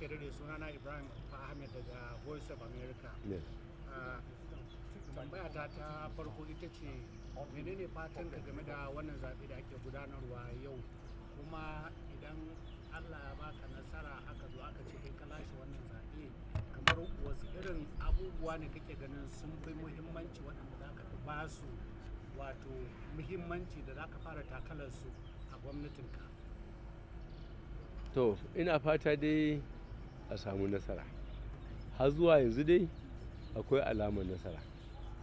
ranka da sunana ibrahim ahmed daga voice of america ah, tambaya ta ta farko ita ce menene fatan ka game da wannan zaɓe da ake gudanarwa yau kuma idan allah ya baka nasara aka zo aka ce kai ka wannan zaɓe kamar wasu irin abubuwa ne kake ganin sun fi muhimmanci waɗanda za ka ba su wato muhimmanci da za ka fara takalarsu a gwamnatinka to ina fata dai a samu nasara har zuwa yanzu dai akwai alamar nasara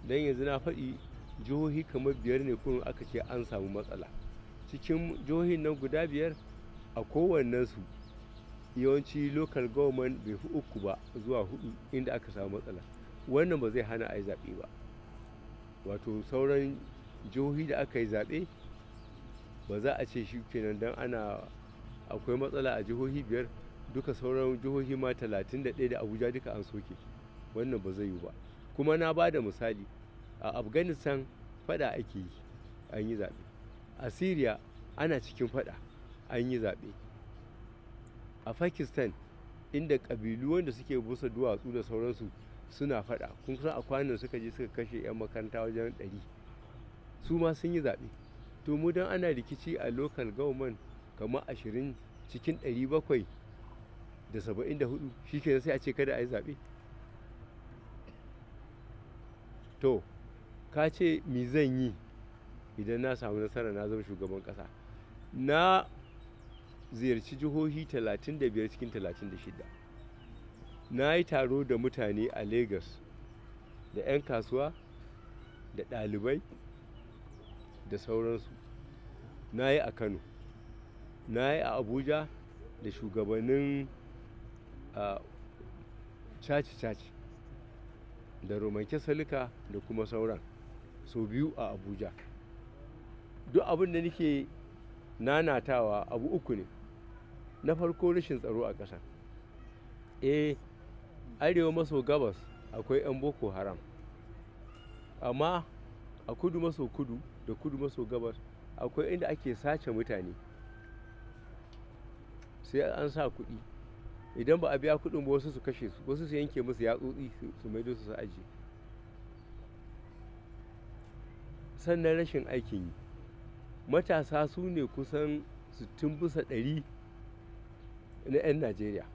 don yanzu na faɗi jihohi kamar biyar ne kurin aka ce an samu matsala cikin jihohi nan guda biyar a su yawanci local government bai fi uku ba zuwa hudu inda aka samu matsala wannan ba zai hana a yi zaɓe ba wato sauran jihohi da aka yi zaɓe ba za a ce shi kenan don ana akwai matsala a jihohi biyar duka sauran jihohi ma 31 da abuja duka an soke wannan ba zai yi ba kuma na ba da misali a afghanistan fada ake yi an yi zaɓe a syria ana cikin fada an yi zaɓe a pakistan inda ƙabilu wanda suke busa duwatsu da sauransu suna fada kun san a kwanan suka je suka kashe 'yan makaranta wajen 100 su ma sun yi zaɓe to mu don ana rikici a local government kamar 20 cikin 700 da saba'in da hudu shi ke sai a ce kada a yi zaɓe to ka ce mi zan yi idan na samu nasara na zama shugaban ƙasa na ziyarci jihohi 35 cikin 36 na yi taro da mutane a lagos da 'yan kasuwa da ɗalibai da sauransu na yi a kano na yi a abuja da shugabannin caci-caci da roman kesalika da kuma sauran sau biyu a abuja duk abin da nake nanatawa abu uku ne na farko rashin tsaro a ƙasa eh arewa maso gabas akwai 'yan boko haram amma a kudu maso kudu da kudu maso gabas akwai inda ake sace mutane sai an sa kuɗi idan ba a biya kuɗin ba wasu su kashe su wasu su yanke musu yatsotsi su maido su su aji sannan rashin aikin yi matasa su ne kusan 60 bisa 100 na 'yan najeriya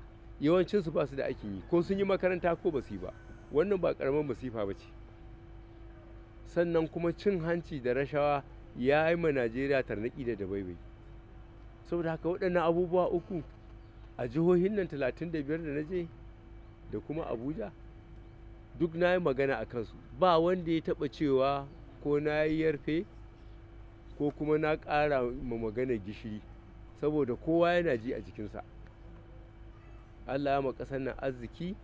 yawancinsu ba su da aikin yi ko sun yi makaranta ko ba su yi ba wannan ba karamar masifa ba ce sannan kuma cin hanci da rashawa ya yi ma najeriya tarnaki da dabaibai saboda haka waɗannan abubuwa uku a jihohin nan talatin da biyar na je da kuma abuja duk na yi magana a kansu ba wanda ya taɓa cewa ko na yi yarfe ko kuma na ƙara ma magana gishiri saboda kowa yana ji a jikinsa allah ya ma ƙasar nan arziki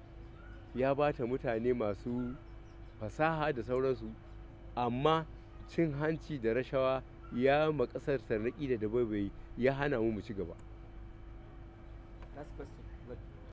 ya ba ta mutane masu fasaha da sauransu amma cin hanci da rashawa ya ma ƙasar tarnaƙi da dabaibayi ya hana mu ci gaba Last question.